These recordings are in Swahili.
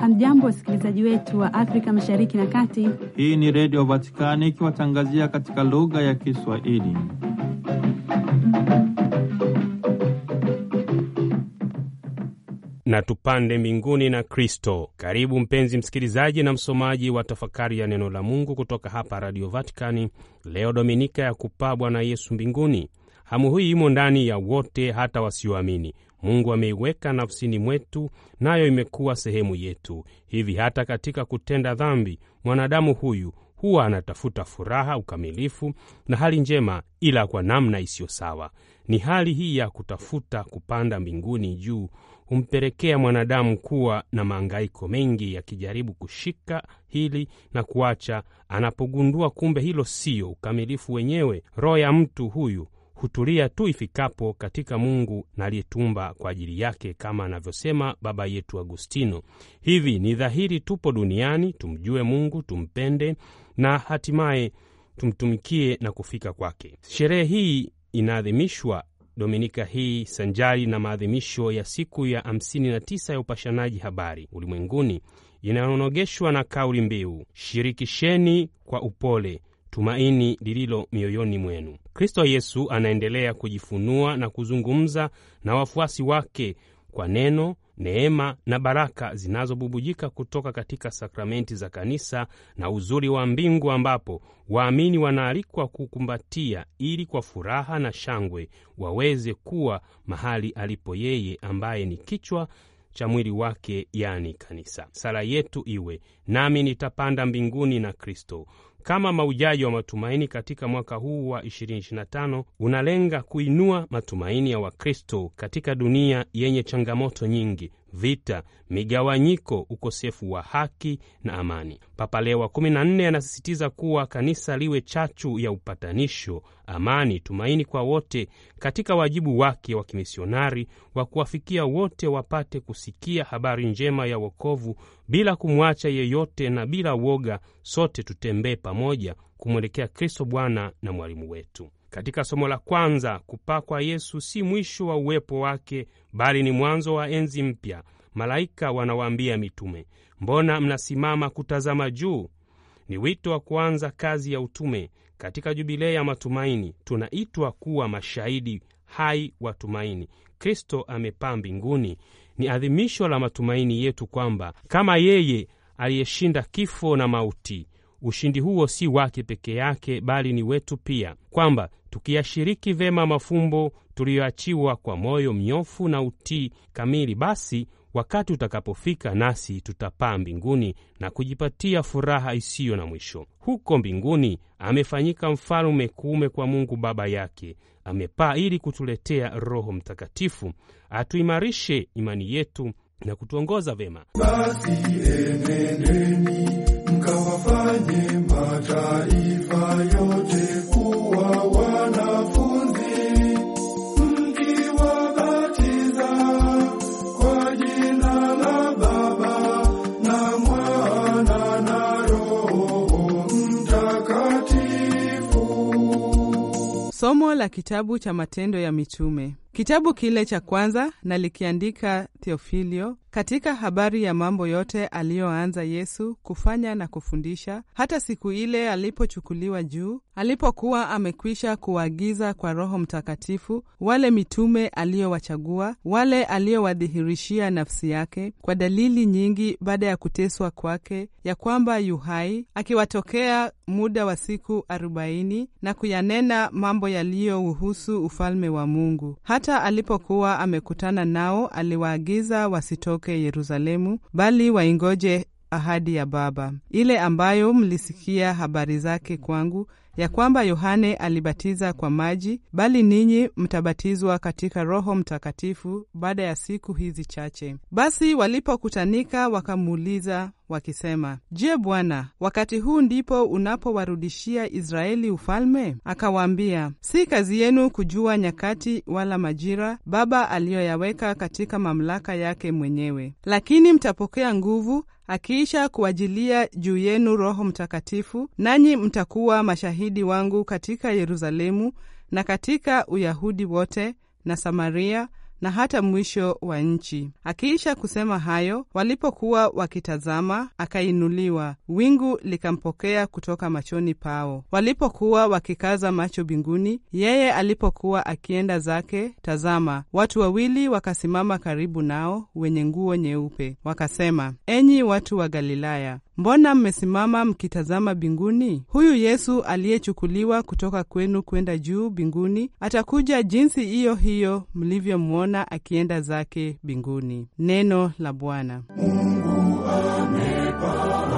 Hamjambo, wasikilizaji wetu wa Afrika mashariki na kati. Hii ni Redio Vatikani ikiwatangazia katika lugha ya Kiswahili. na tupande mbinguni na Kristo. Karibu mpenzi msikilizaji na msomaji wa tafakari ya neno la Mungu kutoka hapa Radio Vatikani leo, Dominika ya kupaa Bwana Yesu mbinguni. Hamu hii imo ndani ya wote, hata wasioamini. Mungu ameiweka nafsini mwetu, nayo imekuwa sehemu yetu. Hivi hata katika kutenda dhambi, mwanadamu huyu huwa anatafuta furaha, ukamilifu na hali njema, ila kwa namna isiyo sawa. Ni hali hii ya kutafuta kupanda mbinguni juu humpelekea mwanadamu kuwa na maangaiko mengi, yakijaribu kushika hili na kuacha, anapogundua kumbe hilo siyo ukamilifu wenyewe. Roho ya mtu huyu hutulia tu ifikapo katika Mungu na aliyetumba kwa ajili yake, kama anavyosema baba yetu Agustino. Hivi ni dhahiri, tupo duniani tumjue Mungu, tumpende na hatimaye tumtumikie na kufika kwake. Sherehe hii inaadhimishwa Dominika hii sanjari na maadhimisho ya siku ya 59 ya upashanaji habari ulimwenguni inayonogeshwa na kauli mbiu shirikisheni kwa upole tumaini lililo mioyoni mwenu. Kristo Yesu anaendelea kujifunua na kuzungumza na wafuasi wake kwa neno, neema na baraka zinazobubujika kutoka katika sakramenti za kanisa na uzuri wa mbingu, ambapo waamini wanaalikwa kukumbatia ili kwa furaha na shangwe waweze kuwa mahali alipo yeye ambaye ni kichwa cha mwili wake, yani kanisa. Sala yetu iwe nami nitapanda mbinguni na Kristo kama maujaji wa matumaini katika mwaka huu wa 2025 unalenga kuinua matumaini ya Wakristo katika dunia yenye changamoto nyingi vita, migawanyiko, ukosefu wa haki na amani. Papa Leo wa 14 anasisitiza kuwa kanisa liwe chachu ya upatanisho, amani, tumaini kwa wote, katika wajibu wake wa kimisionari wa kuwafikia wote wapate kusikia habari njema ya wokovu bila kumwacha yeyote na bila woga. Sote tutembee pamoja kumwelekea Kristo Bwana na mwalimu wetu. Katika somo la kwanza, kupakwa Yesu si mwisho wa uwepo wake, bali ni mwanzo wa enzi mpya. Malaika wanawaambia mitume, mbona mnasimama kutazama juu? Ni wito wa kuanza kazi ya utume. Katika jubilei ya matumaini, tunaitwa kuwa mashahidi hai wa tumaini. Kristo amepaa mbinguni. Ni adhimisho la matumaini yetu kwamba kama yeye aliyeshinda kifo na mauti, ushindi huo si wake peke yake, bali ni wetu pia, kwamba tukiyashiriki vema mafumbo tuliyoachiwa kwa moyo mnyofu na utii kamili, basi wakati utakapofika nasi tutapaa mbinguni na kujipatia furaha isiyo na mwisho. Huko mbinguni amefanyika mfalme kuume kwa Mungu Baba yake, amepaa ili kutuletea Roho Mtakatifu atuimarishe imani yetu na kutuongoza vema. Basi enendeni mkawafanye mataifa yote Somo la kitabu cha Matendo ya Mitume. Kitabu kile cha kwanza nalikiandika Theofilio, katika habari ya mambo yote aliyoanza Yesu kufanya na kufundisha, hata siku ile alipochukuliwa juu, alipokuwa amekwisha kuwaagiza kwa Roho Mtakatifu wale mitume aliyowachagua, wale aliyowadhihirishia nafsi yake kwa dalili nyingi baada ya kuteswa kwake, ya kwamba yuhai, akiwatokea muda wa siku arobaini na kuyanena mambo yaliyouhusu ufalme wa Mungu. Hata alipokuwa amekutana nao, aliwaagiza wasitoke waondoke Yerusalemu, bali waingoje ahadi ya Baba, ile ambayo mlisikia habari zake kwangu, ya kwamba Yohane alibatiza kwa maji, bali ninyi mtabatizwa katika Roho Mtakatifu baada ya siku hizi chache. Basi walipokutanika wakamuuliza wakisema, Je, Bwana, wakati huu ndipo unapowarudishia Israeli ufalme? Akawaambia, si kazi yenu kujua nyakati wala majira Baba aliyoyaweka katika mamlaka yake mwenyewe, lakini mtapokea nguvu akiisha kuwajilia juu yenu Roho Mtakatifu, nanyi mtakuwa mashahidi wangu katika Yerusalemu na katika Uyahudi wote na Samaria na hata mwisho wa nchi. Akiisha kusema hayo, walipokuwa wakitazama, akainuliwa, wingu likampokea kutoka machoni pao. Walipokuwa wakikaza macho binguni yeye alipokuwa akienda zake, tazama, watu wawili wakasimama karibu nao, wenye nguo nyeupe, wakasema, enyi watu wa Galilaya, mbona mmesimama mkitazama binguni Huyu Yesu aliyechukuliwa kutoka kwenu kwenda juu binguni atakuja jinsi iyo hiyo mlivyomwona tutamwona akienda zake mbinguni. Neno la Bwana. Mungu amekaa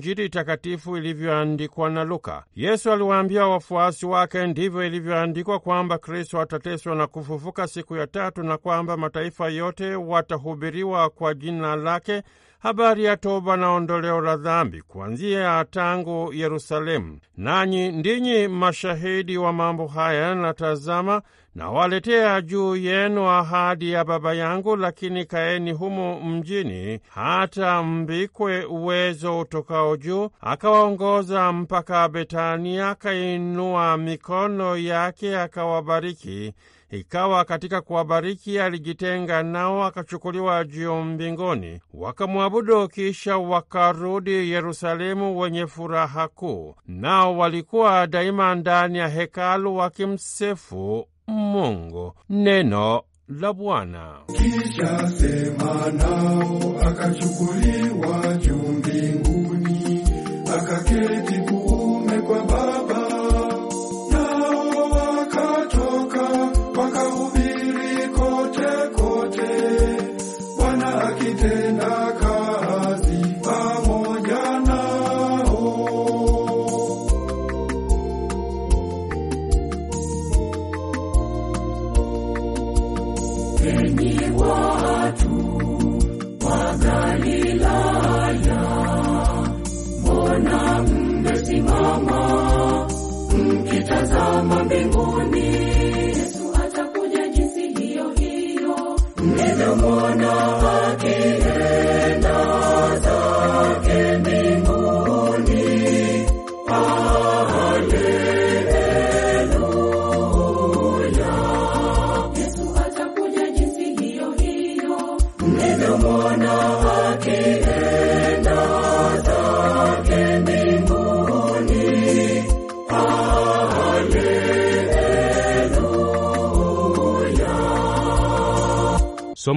Injili takatifu ilivyoandikwa na Luka. Yesu aliwaambia wafuasi wake, ndivyo ilivyoandikwa kwamba Kristo atateswa na kufufuka siku ya tatu, na kwamba mataifa yote watahubiriwa kwa jina lake habari ya toba na ondoleo la dhambi kuanzia tangu Yerusalemu. Nanyi ndinyi mashahidi wa mambo haya. Na tazama, nawaletea juu yenu ahadi ya Baba yangu, lakini kaeni humo mjini hata mbikwe uwezo utokao juu. Akawaongoza mpaka Betania, akainua mikono yake akawabariki. Ikawa katika kuwabariki alijitenga nao, akachukuliwa juu mbinguni, wakamwabudu, kisha wakarudi Yerusalemu wenye furaha kuu. Nao walikuwa daima ndani ya hekalu wakimsifu Mungu. Neno la Bwana. Kisha sema nao, akachukuliwa juu mbinguni, akaketi enyi wa Galilaya, mbona mmesimama mkitazama mbinguni?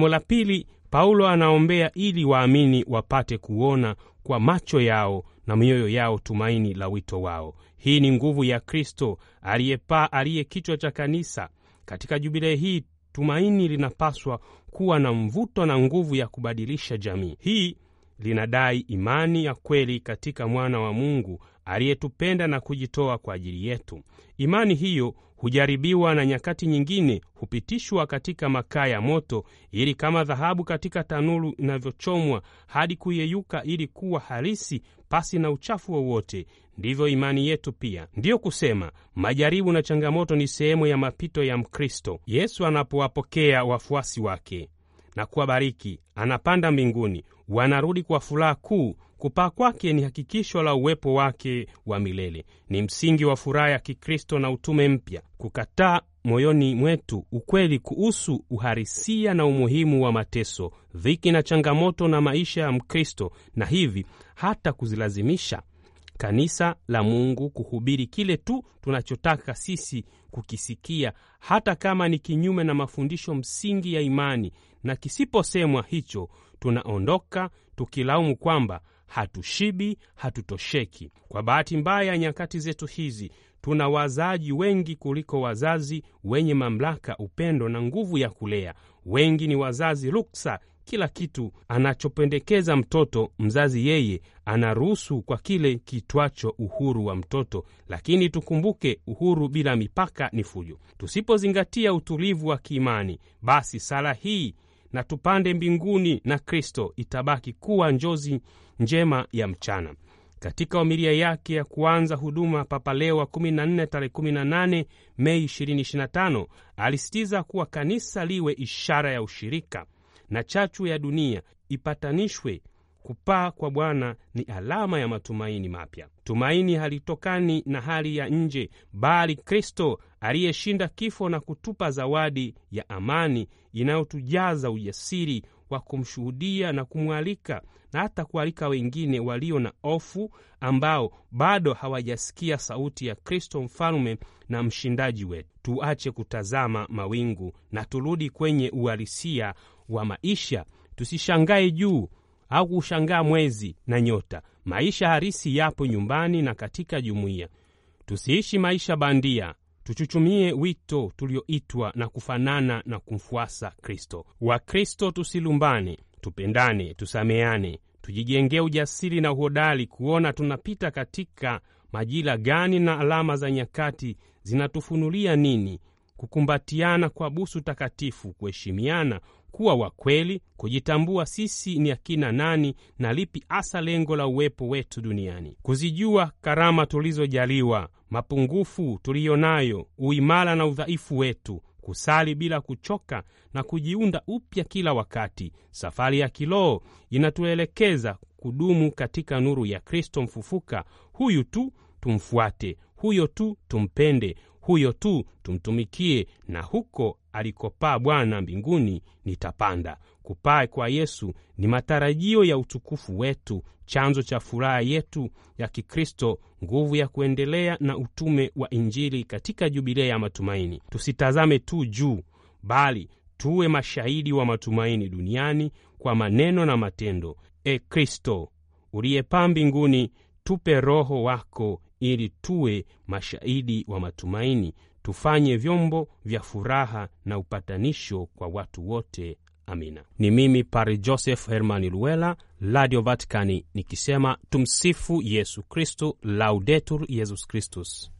Somo la pili, Paulo anaombea ili waamini wapate kuona kwa macho yao na mioyo yao tumaini la wito wao. Hii ni nguvu ya Kristo aliyepaa, aliye kichwa cha kanisa. Katika jubilei hii tumaini linapaswa kuwa na mvuto na nguvu ya kubadilisha jamii. Hii linadai imani ya kweli katika mwana wa Mungu aliyetupenda na kujitoa kwa ajili yetu. Imani hiyo hujaribiwa na nyakati nyingine hupitishwa katika makaa ya moto, ili kama dhahabu katika tanuru inavyochomwa hadi kuyeyuka, ili kuwa halisi pasi na uchafu wowote. Ndivyo imani yetu pia. Ndiyo kusema majaribu na changamoto ni sehemu ya mapito ya Mkristo Yesu anapowapokea wafuasi wake na kuwabariki, anapanda mbinguni, wanarudi kwa furaha kuu. Kupaa kwake ni hakikisho la uwepo wake wa milele, ni msingi wa furaha ya Kikristo na utume mpya. Kukataa moyoni mwetu ukweli kuhusu uharisia na umuhimu wa mateso, dhiki na changamoto na maisha ya Mkristo, na hivi hata kuzilazimisha kanisa la Mungu kuhubiri kile tu tunachotaka sisi kukisikia, hata kama ni kinyume na mafundisho msingi ya imani, na kisiposemwa hicho, tunaondoka tukilaumu kwamba hatushibi, hatutosheki. Kwa bahati mbaya ya nyakati zetu hizi, tuna wazazi wengi kuliko wazazi wenye mamlaka, upendo na nguvu ya kulea. Wengi ni wazazi ruksa, kila kitu anachopendekeza mtoto mzazi yeye anaruhusu kwa kile kitwacho uhuru wa mtoto, lakini tukumbuke, uhuru bila mipaka ni fujo. Tusipozingatia utulivu wa kiimani, basi sala hii na tupande mbinguni na Kristo itabaki kuwa njozi njema ya mchana. Katika homilia yake ya kuanza huduma, Papa Leo wa 14 tarehe 18 Mei 2025 alisitiza kuwa kanisa liwe ishara ya ushirika na chachu ya dunia, ipatanishwe Kupaa kwa Bwana ni alama ya matumaini mapya. Tumaini halitokani na hali ya nje, bali Kristo aliyeshinda kifo na kutupa zawadi ya amani inayotujaza ujasiri wa kumshuhudia na kumwalika na hata kualika wengine walio na hofu ambao bado hawajasikia sauti ya Kristo mfalme na mshindaji wetu. Tuache kutazama mawingu na turudi kwenye uhalisia wa maisha. Tusishangae juu au kushangaa mwezi na nyota. Maisha harisi yapo nyumbani na katika jumuiya. Tusiishi maisha bandia, tuchuchumie wito tulioitwa na kufanana na kumfuasa Kristo. Wakristo, tusilumbane, tupendane, tusameane, tujijengee ujasiri na uhodari kuona tunapita katika majira gani na alama za nyakati zinatufunulia nini. Kukumbatiana kwa busu takatifu, kuheshimiana, kuwa wa kweli, kujitambua sisi ni akina nani na lipi hasa lengo la uwepo wetu duniani, kuzijua karama tulizojaliwa, mapungufu tuliyo nayo, uimara na udhaifu wetu, kusali bila kuchoka na kujiunda upya kila wakati. Safari ya kiroho inatuelekeza kudumu katika nuru ya Kristo mfufuka. Huyu tu tumfuate, huyo tu tumpende, huyo tu tumtumikie, na huko alikopaa Bwana mbinguni nitapanda. Kupaa kwa Yesu ni matarajio ya utukufu wetu, chanzo cha furaha yetu ya Kikristo, nguvu ya kuendelea na utume wa Injili katika Jubilea ya matumaini. Tusitazame tu juu, bali tuwe mashahidi wa matumaini duniani kwa maneno na matendo. E Kristo uliyepaa mbinguni, tupe Roho wako ili tuwe mashahidi wa matumaini tufanye vyombo vya furaha na upatanisho kwa watu wote. Amina. Ni mimi Pari Joseph Hermani Luela, Radio Vaticani, nikisema tumsifu Yesu Kristu, Laudetur Yesus Kristus.